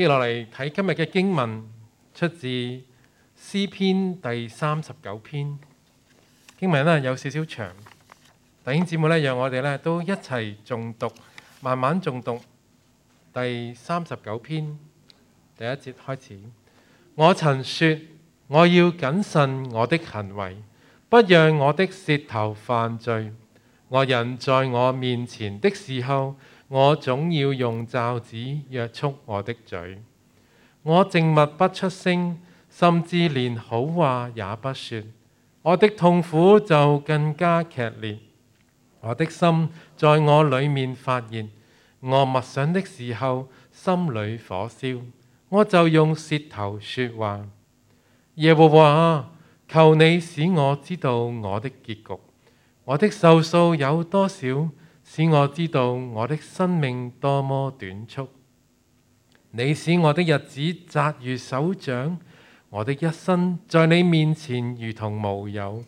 接落嚟睇今日嘅經文，出自詩篇第三十九篇。經文咧有少少長，弟兄姐妹咧，讓我哋咧都一齊誦讀，慢慢誦讀第三十九篇第一節開始。我曾說，我要謹慎我的行為，不讓我的舌頭犯罪。惡人在我面前的時候。我總要用罩子約束我的嘴，我靜默不出聲，甚至連好話也不説。我的痛苦就更加劇烈，我的心在我裏面發熱。我默想的時候，心裏火燒，我就用舌頭說話。耶和華，求你使我知道我的結局，我的壽數有多少？使我知道我的生命多麼短促，你使我的日子窄如手掌，我的一生在你面前如同無有。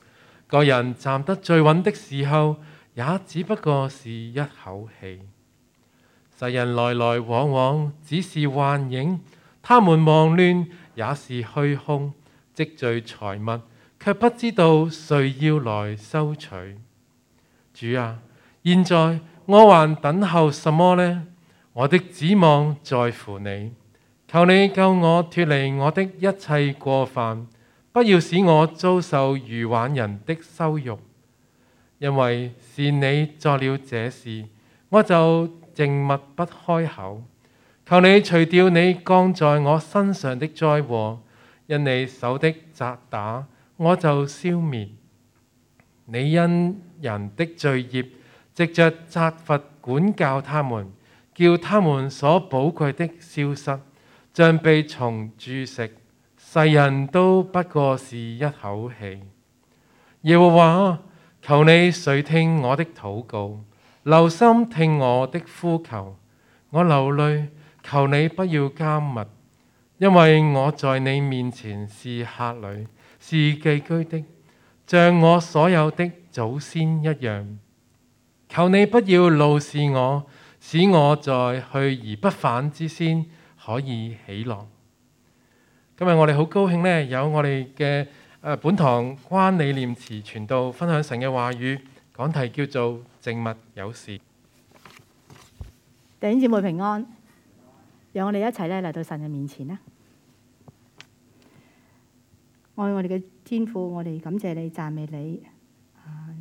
個人站得最穩的時候，也只不過是一口氣。世人來來往往只是幻影，他們忙亂也是虛空，積聚財物卻不知道誰要來收取。主啊！現在我還等候什麼呢？我的指望在乎你，求你救我脫離我的一切過犯，不要使我遭受愚頑人的羞辱，因為是你作了這事，我就靜默不開口。求你除掉你降在我身上的災禍，因你手的責打，我就消滅。你因人的罪孽。藉着責罰管教他們，叫他們所寶貴的消失，像被蟲蛀食。世人都不過是一口氣。耶和華，求你垂聽我的禱告，留心聽我的呼求。我流淚，求你不要加密，因為我在你面前是客旅，是寄居的，像我所有的祖先一樣。求你不要怒視我，使我在去而不返之先，可以起浪。今日我哋好高興呢，有我哋嘅本堂關理念詞傳道分享神嘅話語，講題叫做靜物有事。弟兄姊妹平安，讓我哋一齊咧嚟到神嘅面前啦。愛我哋嘅天父，我哋感謝你，讚美你。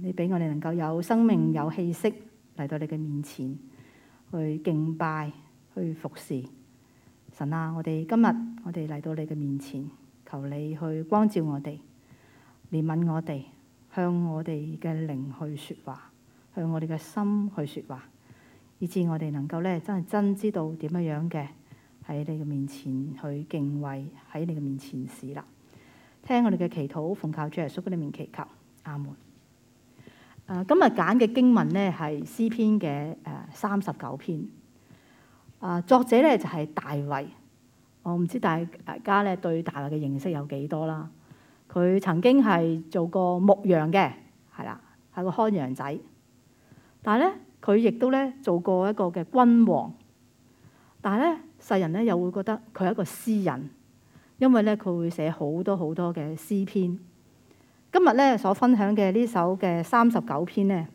你俾我哋能夠有生命有氣、有氣息嚟到你嘅面前去敬拜，去服侍神啊！我哋今日我哋嚟到你嘅面前，求你去光照我哋，憐憫我哋，向我哋嘅靈去説話，向我哋嘅心去説話，以致我哋能夠咧真係真知道點樣樣嘅喺你嘅面前去敬畏，喺你嘅面前侍立。聽我哋嘅祈禱，奉靠主耶穌嘅名祈求，阿門。啊，今日揀嘅經文咧係詩篇嘅誒三十九篇。啊，作者咧就係大衛。我唔知，但係大家咧對大衛嘅認識有幾多啦？佢曾經係做過牧羊嘅，係啦，係個看羊仔。但係咧，佢亦都咧做過一個嘅君王。但係咧，世人咧又會覺得佢係一個詩人，因為咧佢會寫好多好多嘅詩篇。今日咧所分享嘅呢首嘅三十九篇呢，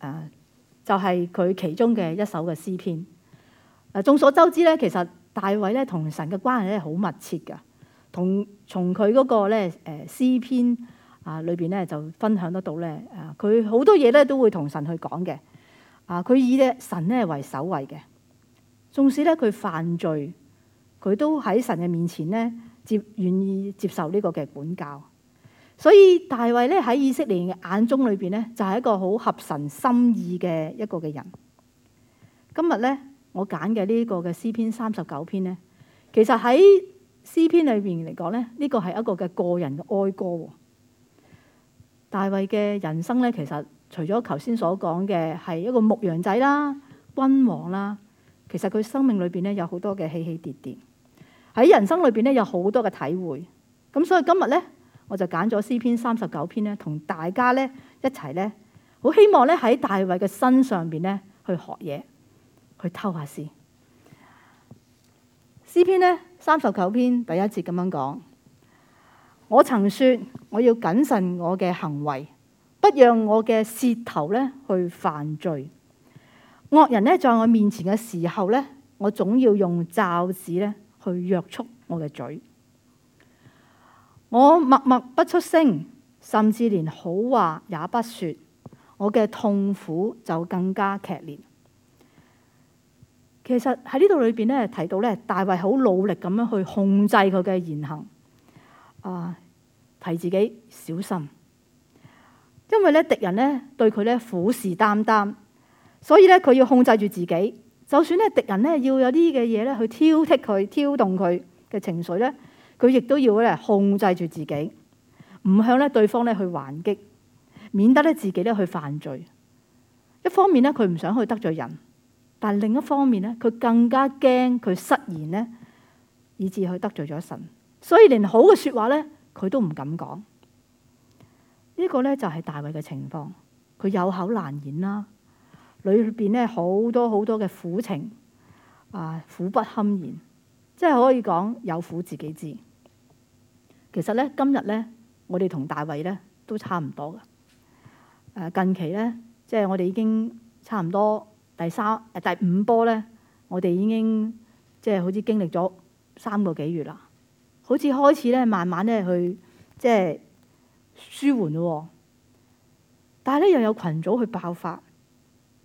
誒就係、是、佢其中嘅一首嘅詩篇。誒、呃，眾所周知咧，其實大衛咧同神嘅關係咧好密切㗎。同從佢嗰個咧誒詩篇啊裏邊咧就分享得到咧，誒佢好多嘢咧都會同神去講嘅。啊，佢以嘅神咧為首位嘅，縱使咧佢犯罪，佢都喺神嘅面前咧接願意接受呢個嘅管教。所以大衛咧喺以色列人嘅眼中裏邊咧，就係一個好合神心意嘅一個嘅人。今日咧，我揀嘅呢一個嘅詩篇三十九篇咧，其實喺詩篇裏邊嚟講咧，呢個係一個嘅個人嘅哀歌。大衛嘅人生咧，其實除咗頭先所講嘅係一個牧羊仔啦、君王啦，其實佢生命裏邊咧有好多嘅起起跌跌，喺人生裏邊咧有好多嘅體會。咁所以今日咧。我就揀咗詩篇三十九篇呢，同大家呢一齊呢，好希望呢喺大衛嘅身上邊呢去學嘢，去偷下先。詩篇呢三十九篇第一節咁樣講：我曾說我要謹慎我嘅行為，不讓我嘅舌頭呢去犯罪。惡人呢在我面前嘅時候呢，我總要用罩子呢去約束我嘅嘴。我默默不出聲，甚至連好話也不說，我嘅痛苦就更加劇烈。其實喺呢度裏邊咧，提到咧大衛好努力咁樣去控制佢嘅言行，啊，提自己小心，因為咧敵人咧對佢咧虎視眈眈，所以咧佢要控制住自己。就算咧敵人咧要有啲嘅嘢咧去挑剔佢、挑動佢嘅情緒咧。佢亦都要咧控制住自己，唔向咧對方咧去還擊，免得咧自己咧去犯罪。一方面咧佢唔想去得罪人，但另一方面咧佢更加驚佢失言咧，以致佢得罪咗神。所以連好嘅説話咧佢都唔敢講。呢個咧就係大衛嘅情況，佢有口難言啦。裏邊咧好多好多嘅苦情，啊苦不堪言，即係可以講有苦自己知。其實咧，今日咧，我哋同大衞咧都差唔多嘅。誒近期咧，即係我哋已經差唔多第三誒第五波咧，我哋已經即係好似經歷咗三個幾月啦，好似開始咧慢慢咧去即係舒緩咯。但係咧又有群組去爆發，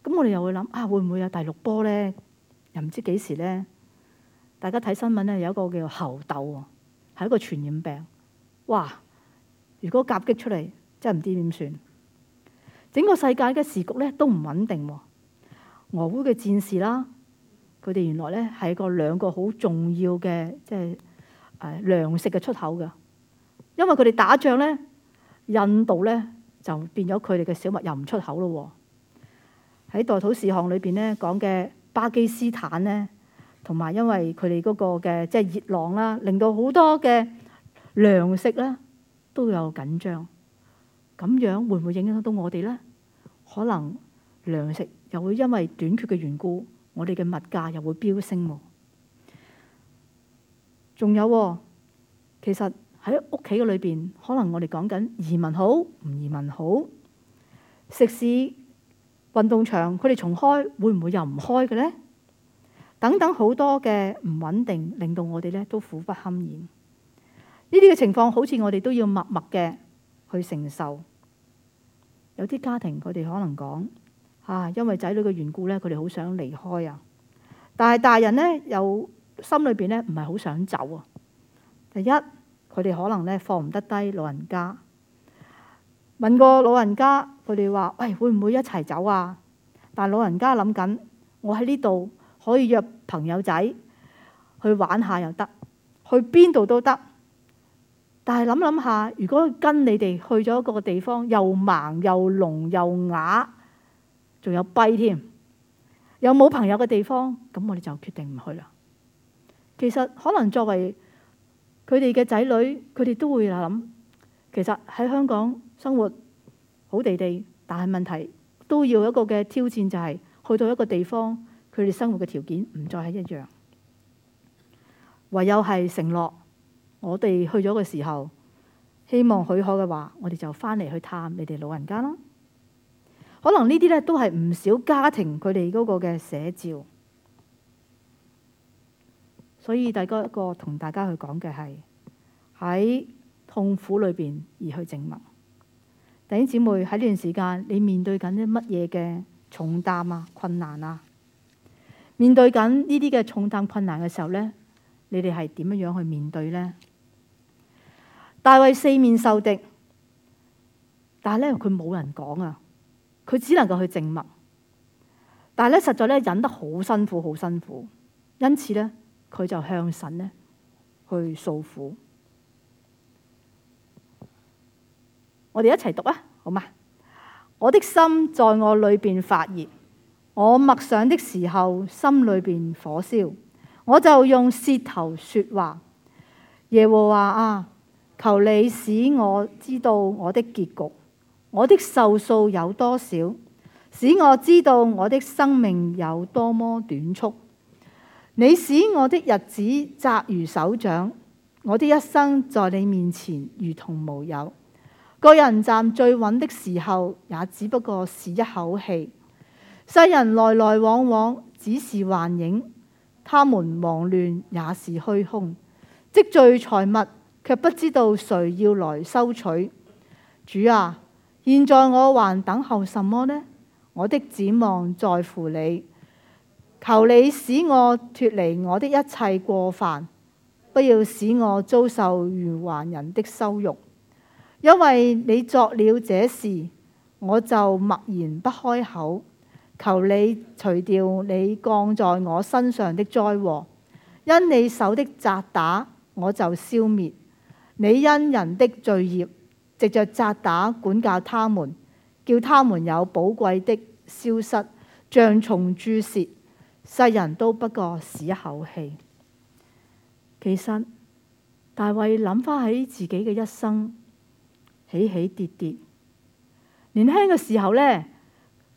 咁我哋又會諗啊會唔會有第六波咧？又唔知幾時咧？大家睇新聞咧有一個叫猴痘喎，係一個傳染病。哇！如果夾擊出嚟，真係唔知點算。整個世界嘅時局咧都唔穩定喎。俄烏嘅戰事啦，佢哋原來咧係個兩個好重要嘅，即係呃、糧食嘅出口㗎。因為佢哋打仗咧，印度咧就變咗佢哋嘅小麥又唔出口咯。喺代土事項裏邊咧講嘅巴基斯坦咧，同埋因為佢哋嗰個嘅即係熱浪啦，令到好多嘅。糧食呢都有緊張，咁樣會唔會影響到我哋呢？可能糧食又會因為短缺嘅緣故，我哋嘅物價又會飆升喎。仲有，其實喺屋企嘅裏邊，可能我哋講緊移民好唔移民好，食肆、運動場佢哋重開會唔會又唔開嘅呢？等等好多嘅唔穩定，令到我哋呢都苦不堪言。呢啲嘅情況，好似我哋都要默默嘅去承受。有啲家庭佢哋可能講，啊，因為仔女嘅緣故呢，佢哋好想離開啊。但係大人呢，又心裏邊呢，唔係好想走啊。第一，佢哋可能呢，放唔得低老人家。問過老人家，佢哋話，喂，會唔會一齊走啊？但係老人家諗緊，我喺呢度可以約朋友仔去玩下又得，去邊度都得。但係諗諗下，如果跟你哋去咗一個地方，又盲又聾又啞，仲有跛添，又冇朋友嘅地方，咁我哋就決定唔去啦。其實可能作為佢哋嘅仔女，佢哋都會諗，其實喺香港生活好地地，但係問題都要一個嘅挑戰，就是，就係去到一個地方，佢哋生活嘅條件唔再係一樣，唯有係承諾。我哋去咗嘅時候，希望許可嘅話，我哋就翻嚟去探你哋老人家啦。可能呢啲呢都係唔少家庭佢哋嗰個嘅寫照，所以第一個同大家去講嘅係喺痛苦裏邊而去證明。弟兄姊妹喺呢段時間，你面對緊啲乜嘢嘅重擔啊、困難啊？面對緊呢啲嘅重擔困難嘅時候呢，你哋係點樣去面對呢？大衛四面受敵，但係咧，佢冇人講啊，佢只能夠去靜默。但係咧，實在咧，忍得好辛苦，好辛苦。因此咧，佢就向神咧去訴苦。我哋一齊讀啊，好嘛？我的心在我裏面發熱，我默想的時候，心裏面火燒，我就用舌頭說話。耶和華啊！求你使我知道我的結局，我的壽數有多少，使我知道我的生命有多麼短促。你使我的日子窄如手掌，我的一生在你面前如同無有。個人站最穩的時候，也只不過是一口氣。世人來來往往，只是幻影，他們忙亂也是虛空，積聚財物，卻不知道誰要來收取。主啊，現在我還等候什麼呢？我的指望在乎你，求你使我脫離我的一切過犯，不要使我遭受愚頑人的羞辱。因為你作了這事，我就默然不開口。求你除掉你降在我身上的災禍，因你手的責打，我就消滅。你因人的罪孽，藉着責打管教他們，叫他們有寶貴的消失，像蟲蛀蝕，世人都不過是一口氣。其實大衛諗翻起自己嘅一生，起起跌跌。年輕嘅時候呢，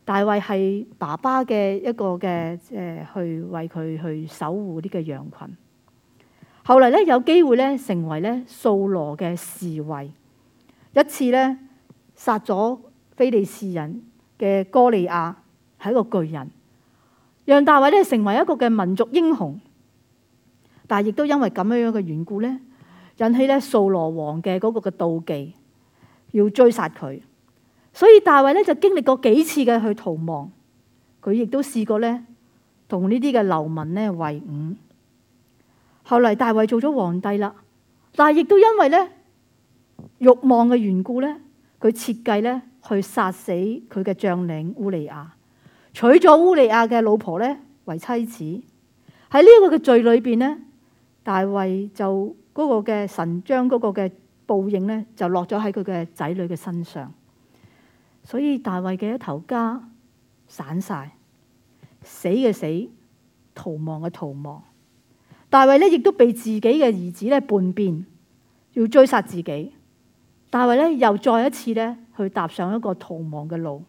大衛係爸爸嘅一個嘅，即係去為佢去守護呢個羊群。後來咧，有機會咧，成為咧掃羅嘅侍衛，一次咧殺咗菲利士人嘅哥利亞，係一個巨人，讓大衛咧成為一個嘅民族英雄。但係亦都因為咁樣樣嘅緣故咧，引起咧掃羅王嘅嗰個嘅妒忌，要追殺佢。所以大衛咧就經歷過幾次嘅去逃亡，佢亦都試過咧同呢啲嘅流民咧為伍。後嚟大衛做咗皇帝啦，但係亦都因為咧慾望嘅緣故咧，佢設計咧去殺死佢嘅將領烏利亞，娶咗烏利亞嘅老婆咧為妻子。喺呢個嘅罪裏邊咧，大衛就嗰個嘅神將嗰個嘅報應咧就落咗喺佢嘅仔女嘅身上，所以大衛嘅一頭家散晒，死嘅死，逃亡嘅逃亡。大衛咧亦都被自己嘅兒子咧叛變，要追殺自己。大衛咧又再一次咧去踏上一個逃亡嘅路。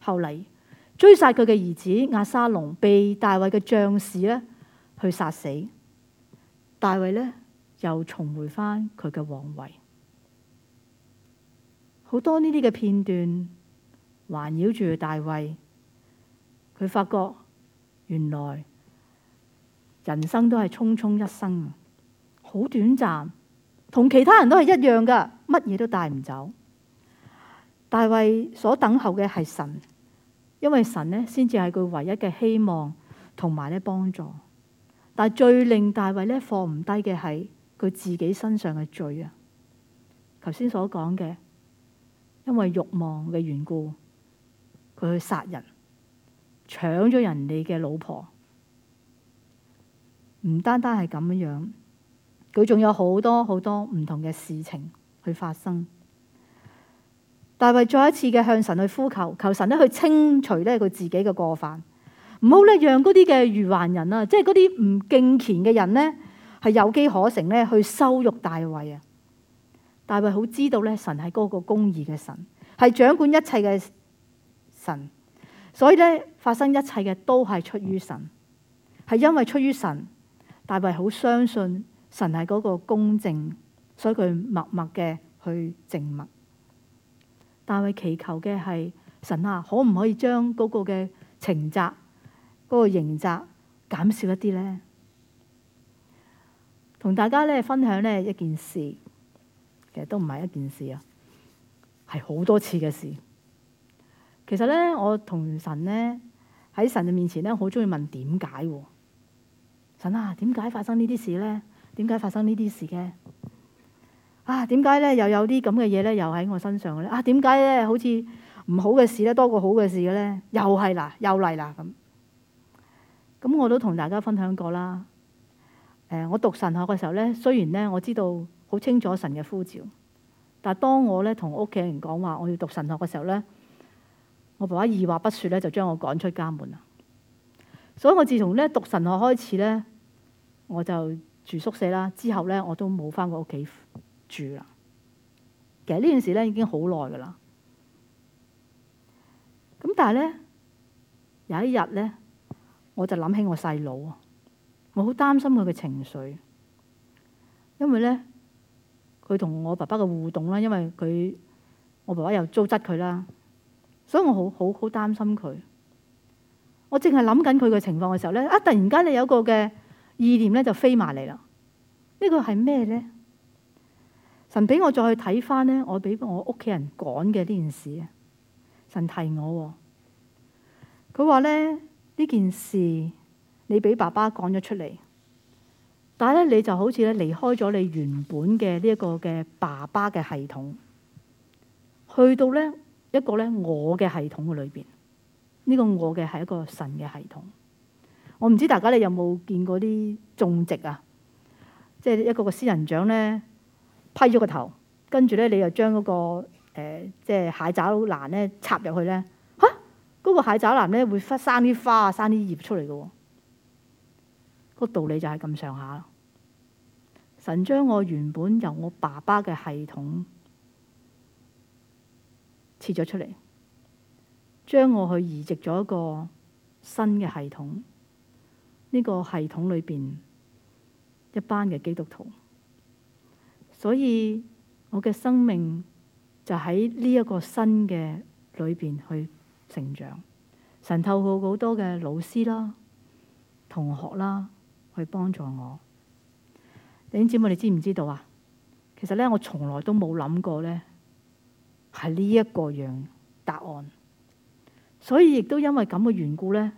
後嚟追殺佢嘅兒子阿沙龍，被大衛嘅將士咧去殺死。大衛咧又重回翻佢嘅皇位。好多呢啲嘅片段環繞住大衛，佢發覺原來。人生都係匆匆一生，好短暫，同其他人都係一樣噶乜嘢都帶唔走。大衛所等候嘅係神，因為神咧先至係佢唯一嘅希望同埋咧幫助。但係最令大衛咧放唔低嘅係佢自己身上嘅罪啊！頭先所講嘅，因為欲望嘅緣故，佢去殺人，搶咗人哋嘅老婆。唔單單係咁樣，佢仲有好多好多唔同嘅事情去發生。大衛再一次嘅向神去呼求，求神咧去清除咧佢自己嘅過犯，唔好咧讓嗰啲嘅愚頑人啊，即係嗰啲唔敬虔嘅人呢，係有機可乘咧去羞辱大衛啊！大衛好知道咧，神係嗰個公義嘅神，係掌管一切嘅神，所以咧發生一切嘅都係出於神，係因為出於神。大衛好相信神係嗰個公正，所以佢默默嘅去靜默。大衛祈求嘅係神啊，可唔可以將嗰個嘅情責、嗰個刑責減少一啲呢？同大家咧分享呢一件事，其實都唔係一件事啊，係好多次嘅事。其實咧，我同神咧喺神嘅面前咧，好中意問點解喎。神啊，點解發生呢啲事呢？點解發生呢啲事嘅？啊，點解咧又有啲咁嘅嘢咧？又喺我身上嘅咧？啊，點解咧好似唔好嘅事咧多過好嘅事嘅咧？又係啦，又嚟啦咁。咁我都同大家分享過啦。誒、呃，我讀神學嘅時候咧，雖然咧我知道好清楚神嘅呼召，但係當我咧同屋企人講話我要讀神學嘅時候咧，我爸爸二話不說咧就將我趕出家門啦。所以我自從呢讀神學開始呢，我就住宿舍啦。之後呢，我都冇返過屋企住啦。其實呢件事呢已經好耐噶啦。咁但係呢，有一日呢，我就諗起我細佬，我好擔心佢嘅情緒，因為呢，佢同我爸爸嘅互動啦，因為佢我爸爸又糟質佢啦，所以我好好好擔心佢。我淨係諗緊佢嘅情況嘅時候咧，啊突然間你有個嘅意念咧就飛埋嚟啦。這個、呢個係咩咧？神俾我再去睇返咧，我俾我屋企人講嘅呢件事啊。神提我，佢話咧，呢件事你俾爸爸講咗出嚟，但係咧你就好似咧離開咗你原本嘅呢一個嘅爸爸嘅系統，去到咧一個咧我嘅系統嘅裏邊。呢個我嘅係一個神嘅系統，我唔知大家你有冇見過啲種植啊，即係一個個仙人掌咧，批咗個頭，跟住咧你又將嗰個、呃、即係蟹爪蘭咧插入去咧，嚇嗰個蟹爪蘭咧會生啲花啊，生啲葉出嚟嘅喎，個道理就係咁上下。神將我原本由我爸爸嘅系統切咗出嚟。將我去移植咗一個新嘅系統，呢、這個系統裏邊一班嘅基督徒，所以我嘅生命就喺呢一個新嘅裏邊去成長。神透過好多嘅老師啦、同學啦，去幫助我。你知我你知唔知道啊？其實呢，我從來都冇諗過呢係呢一個樣答案。所以亦都因為咁嘅緣故咧，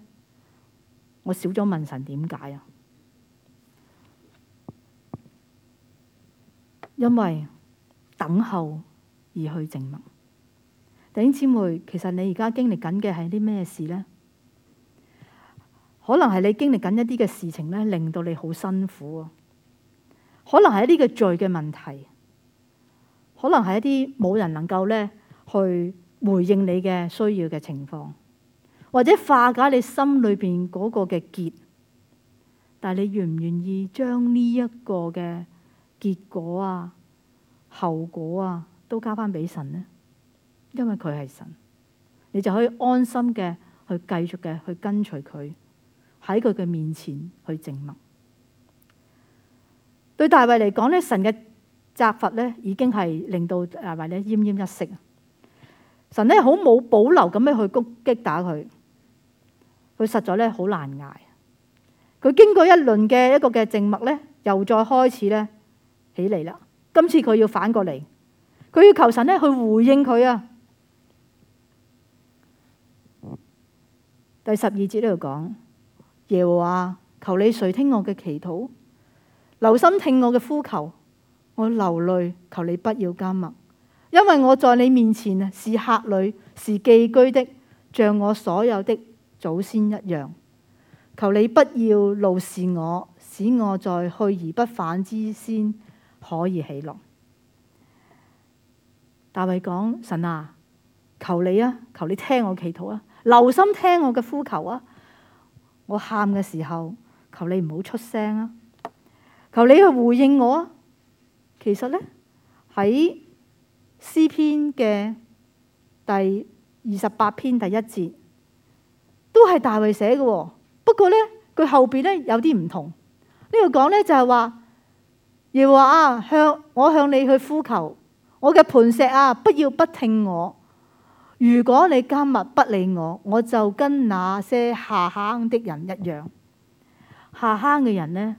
我少咗問神點解啊？因為等候而去靜默。弟兄姊妹，其實你而家經歷緊嘅係啲咩事咧？可能係你經歷緊一啲嘅事情咧，令到你好辛苦喎。可能係呢個罪嘅問題，可能係一啲冇人能夠咧去回應你嘅需要嘅情況。或者化解你心裏邊嗰個嘅結，但係你願唔願意將呢一個嘅結果啊、後果啊，都交翻俾神呢？因為佢係神，你就可以安心嘅去繼續嘅去跟隨佢，喺佢嘅面前去靜默。對大衛嚟講咧，神嘅責罰呢已經係令到啊，大衛呢，奄奄一息。神呢好冇保留咁樣去攻擊打佢。佢實在咧好難挨，佢經過一輪嘅一個嘅靜默咧，又再開始咧起嚟啦。今次佢要反過嚟，佢要求神咧去回應佢啊。 第十二節呢度講， 耶和華求你垂聽我嘅祈禱，留心聽我嘅呼求，我流淚求你不要緘默，因為我在你面前啊是客旅，是寄居的，像我所有的，祖先一樣，求你不要怒視我，使我在去而不返之先可以起來。大衛講：神啊，求你啊，求你聽我祈禱啊，留心聽我嘅呼求啊，我喊嘅時候，求你唔好出聲啊，求你去回應我啊。其實呢，喺詩篇嘅第二十八篇第一節。都係大衛寫嘅，不過咧佢後邊咧有啲唔同。呢度講咧就係、是、話，耶和啊，向我向你去呼求，我嘅磐石啊，不要不聽我。如果你今日不理我，我就跟那些下坑的人一樣。下坑嘅人咧，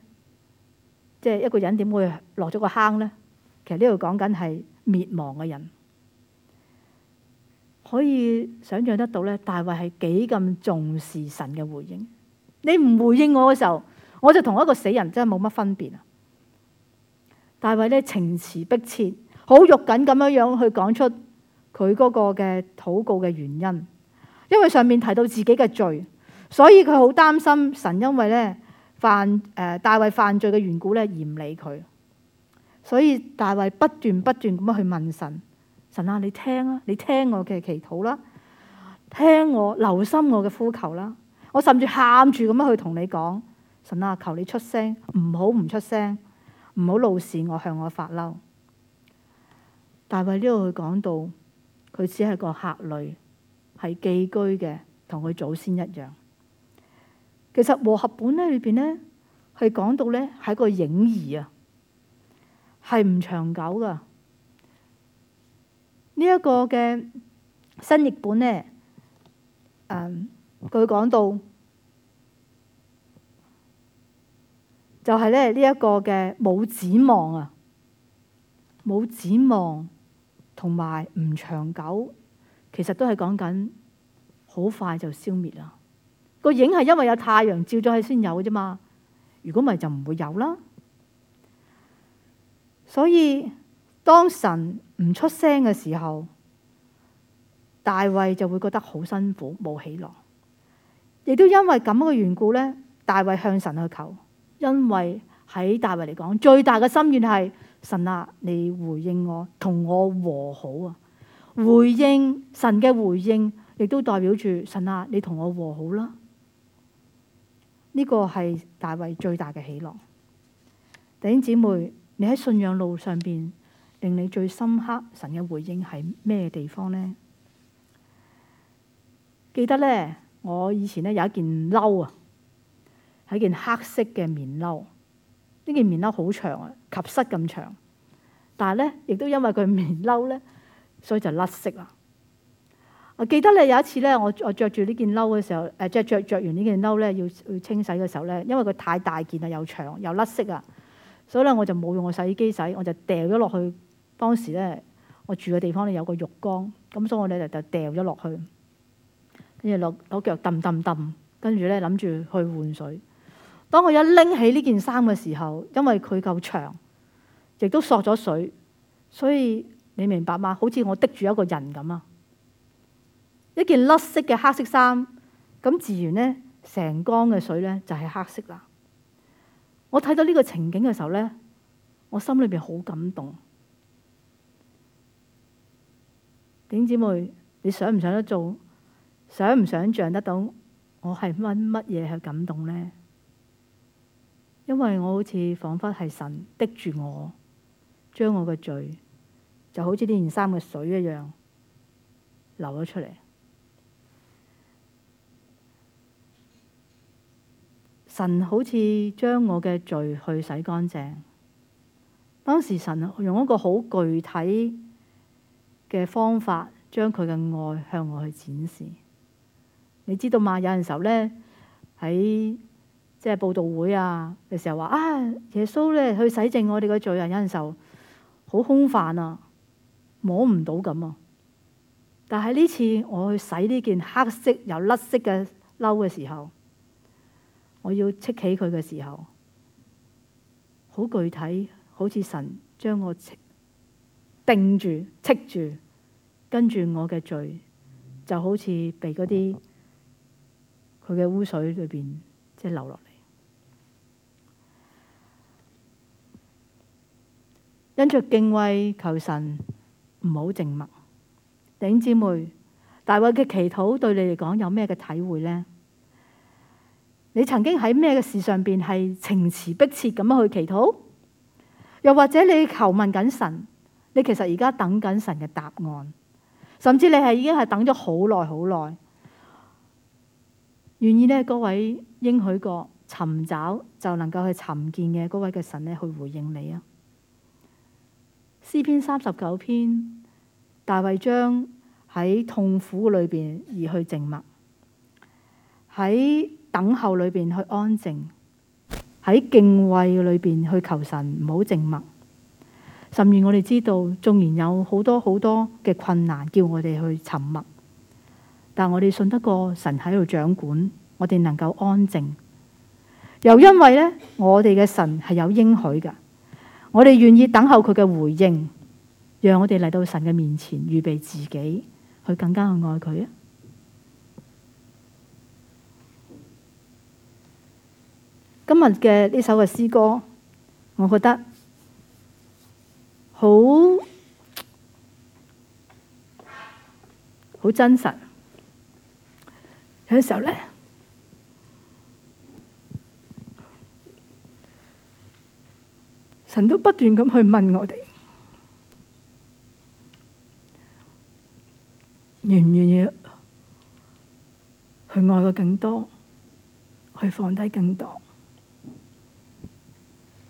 即係一個人點會落咗個坑咧？其實呢度講緊係滅亡嘅人。可以想象得到咧，大衛係幾咁重視神嘅回應。你唔回應我嘅時候，我就同一個死人真係冇乜分別啊！大衛咧情辭迫切，好肉緊咁樣樣去講出佢嗰個嘅禱告嘅原因。因為上面提到自己嘅罪，所以佢好擔心神因為咧犯誒、呃、大衛犯罪嘅緣故咧而唔理佢。所以大衛不斷不斷咁樣去問神。神啊，你聽啊，你聽我嘅祈禱啦，聽我留心我嘅呼求啦，我甚至喊住咁樣去同你講，神啊，求你出聲，唔好唔出聲，唔好怒視我向我發嬲。但係呢度佢講到，佢只係個客旅，係寄居嘅，同佢祖先一樣。其實和合本咧裏邊咧佢講到呢，係個影兒啊，係唔長久噶。呢一個嘅新譯本呢，誒、嗯，佢講到就係咧呢一個嘅冇指望啊，冇指望同埋唔長久，其實都係講緊好快就消滅啦。個影係因為有太陽照咗喺先有啫嘛，如果唔係就唔會有啦。所以。當神唔出聲嘅時候，大衛就會覺得好辛苦，冇喜樂。亦都因為咁嘅緣故呢，大衛向神去求，因為喺大衛嚟講，最大嘅心願係神啊，你回應我，同我和好啊。回應神嘅回應，亦都代表住神啊，你同我和好啦。呢個係大衛最大嘅喜樂。弟兄姊妹，你喺信仰路上邊。令你最深刻神嘅回應係咩地方呢？記得咧，我以前咧有一件褸啊，係一件黑色嘅棉褸。呢件棉褸好長啊，及膝咁長。但係咧，亦都因為佢棉褸咧，所以就甩色啦。我記得咧有一次咧，我我着住呢件褸嘅時候，誒、呃，即係着着完件呢件褸咧，要要清洗嘅時候咧，因為佢太大件啊，又長又甩色啊，所以咧我就冇用個洗衣機洗，我就掉咗落去。當時咧，我住嘅地方咧有個浴缸，咁所以我哋就掉咗落去，跟住攞攞腳揼揼揼，跟住咧諗住去換水。當我一拎起呢件衫嘅時候，因為佢夠長，亦都索咗水，所以你明白嗎？好似我滴住一個人咁啊！一件甩色嘅黑色衫，咁自然咧，成缸嘅水咧就係黑色啦。我睇到呢個情景嘅時候咧，我心裏邊好感動。點姐妹，你想唔想得做？想唔想像得到我係乜乜嘢，去感動呢？因為我好似仿佛係神滴住我，將我嘅罪就好似呢件衫嘅水一樣流咗出嚟。神好似將我嘅罪去洗乾淨。當時神用一個好具體。嘅方法，將佢嘅愛向我去展示。你知道嘛？有陣時候咧，喺即係報道會啊嘅時候話啊，耶穌咧去洗淨我哋嘅罪人，有陣時候好空泛啊，摸唔到咁啊。但係呢次我去洗呢件黑色又甩色嘅褸嘅時候，我要戚起佢嘅時候，好具體，好似神將我。定住，戚住，跟住我嘅罪就好似被嗰啲佢嘅污水裏邊即係流落嚟。因着敬畏求神唔好靜默，弟兄姊妹，大衛嘅祈禱對你嚟講有咩嘅體會呢？你曾經喺咩嘅事上邊係情詞迫切咁樣去祈禱？又或者你求問緊神？你其實而家等緊神嘅答案，甚至你係已經係等咗好耐好耐，願意呢嗰位應許過尋找就能夠去尋見嘅，嗰位嘅神呢去回應你啊！詩篇三十九篇，大衛將喺痛苦裏邊而去靜默，喺等候裏邊去安靜，喺敬畏裏邊去求神唔好靜默。甚至我哋知道，縱然有好多好多嘅困難，叫我哋去沉默，但我哋信得過神喺度掌管，我哋能夠安靜。又因為呢，我哋嘅神係有應許嘅，我哋願意等候佢嘅回應，讓我哋嚟到神嘅面前預備自己，去更加去愛佢啊！今日嘅呢首嘅詩歌，我覺得。好，好真實。有啲時候呢，神都不斷咁去問我哋，願唔願意去愛個更多，去放低更多。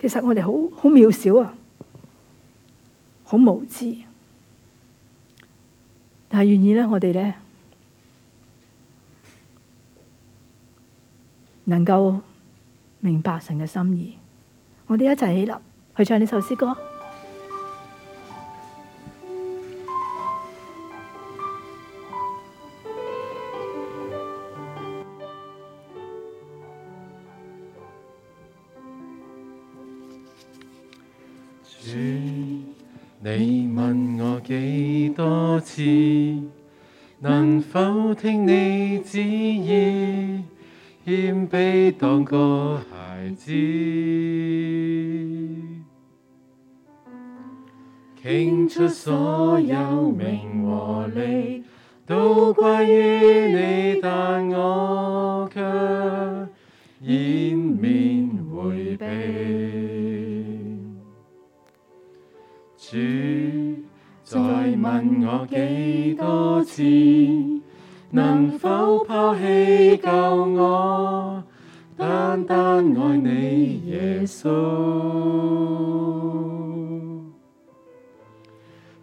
其實我哋好好渺小啊。好無知，但係願意呢，我哋呢能夠明白神嘅心意，我哋一齊起、起立去唱呢首詩歌。能否聽你旨意，謙卑當個孩子，傾出所有名和利，都歸於你，但我卻掩面回避。主。再問我幾多次，能否拋棄舊我，單單愛你耶穌，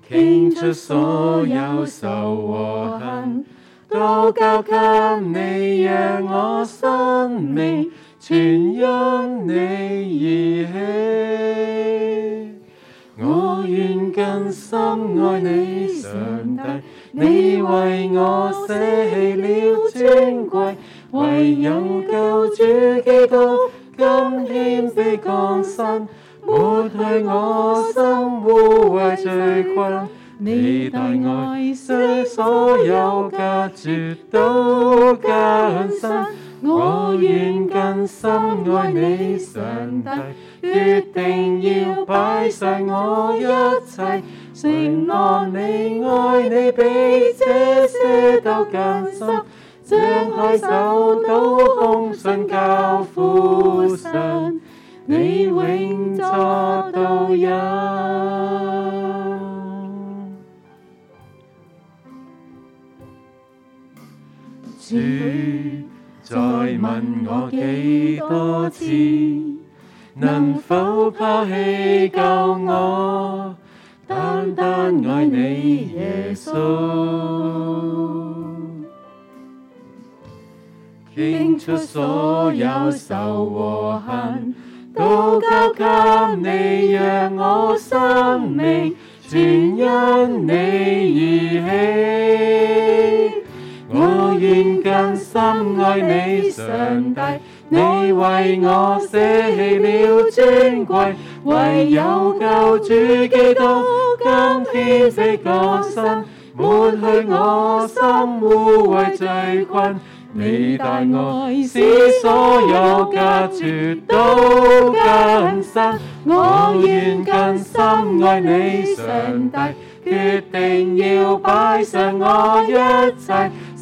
傾出所有仇和恨，都交給你，讓我生命全因你而起。我願更深愛你，上帝，你為我捨棄了尊貴，唯有救主基督，今天被降生，抹去我心污穢罪困，你大愛使所有隔絕都更新。我願更深愛你，上帝，決定要擺上我一切，承諾你愛你比這些都更深，張開手都空心交付神，你永作導引。再問我幾多次，能否拋棄舊我，單單愛你耶穌，耶穌。傾出所有仇和恨，都交給你，讓我生命全因你而起。我願更深愛你，上帝，你為我捨棄了尊貴，唯有救主基督，今天得救身，抹去我心污穢罪困，你大愛使所有隔絕都更新。我願更深愛你，上帝，決定要擺上我一切。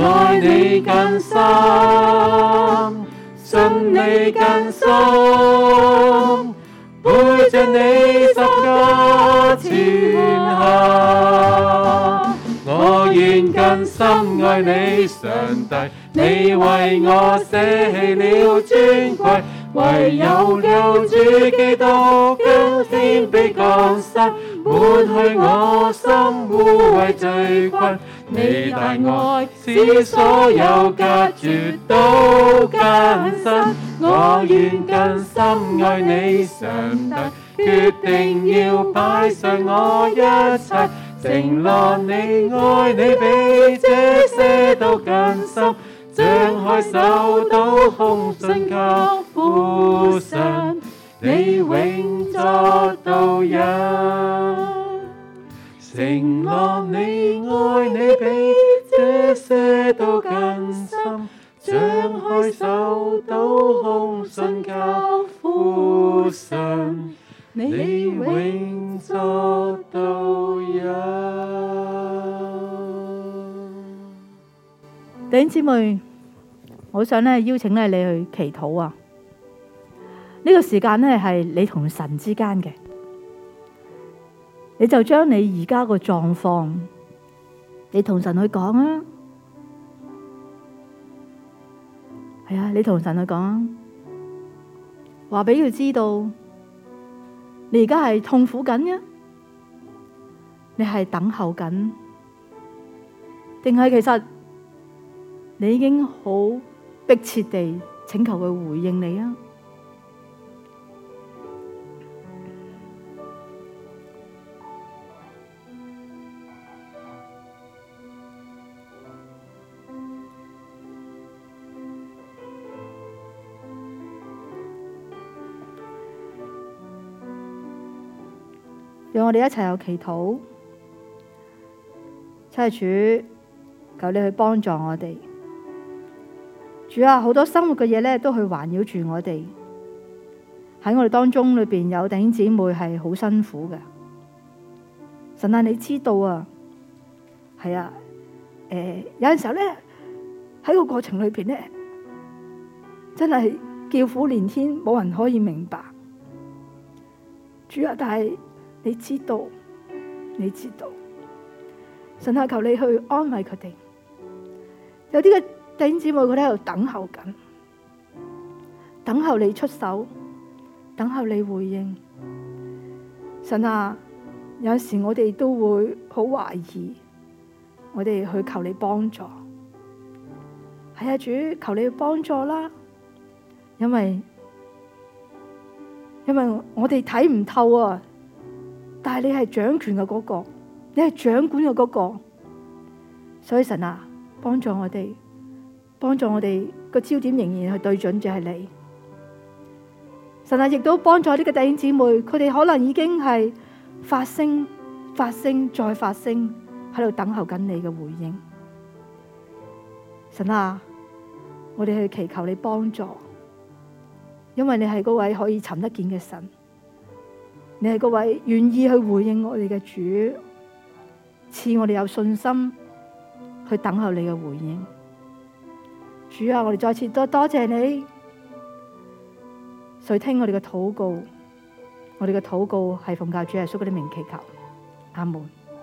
愛你更深，信你更深，背着你走。多千客，我願更深愛你，上帝，你為我捨棄了尊貴，唯有救主基督，恩典比高山，抹去我心污穢罪困。你大愛使所有隔絕都更深。我願更深愛你上，上帝決定要擺上我一切，承諾你愛你比這些都更深，張開手都空信靠父神。你永作導引，承諾你。比這些都更深，張開手禱空心，靠父神，你永作道友。弟兄姊妹，我想咧邀請咧你去祈禱啊！呢、呢個時間咧係你同神之間嘅，你就將你而家個狀況。你同神去講啊，係啊，你同神去講啊，話俾佢知道，你而家係痛苦緊啊，你係等候緊，定係其實你已經好迫切地請求佢回應你啊。對我哋一齊有祈禱，七主求你去幫助我哋。主啊，好多生活嘅嘢咧，都去環繞住我哋。喺我哋當中裏邊有弟兄姊妹係好辛苦嘅。神啊，你知道啊，係啊，誒、呃，有陣時候咧，喺個過程裏邊咧，真係叫苦連天，冇人可以明白。主啊，但係。你知道，你知道，神啊，求你去安慰佢哋。有啲嘅弟兄姊妹佢哋喺度等候緊，等候你出手，等候你回應。神啊，有時我哋都會好懷疑，我哋去求你幫助。係啊，主，求你幫助啦，因為，因為我哋睇唔透啊。但係你係掌權嘅嗰個，你係掌管嘅嗰個，所以神啊，幫助我哋，幫助我哋個焦點仍然係對準住係你。神啊，亦都幫助呢個弟兄姊妹，佢哋可能已經係發聲、發聲、再發聲，喺度等候緊你嘅回應。神啊，我哋去祈求你幫助，因為你係嗰位可以尋得見嘅神。你係個位願意去回應我哋嘅主，賜我哋有信心去等候你嘅回應。主啊，我哋再次多多謝你，垂聽我哋嘅禱告，我哋嘅禱告係奉救主耶穌嘅名祈求，阿門。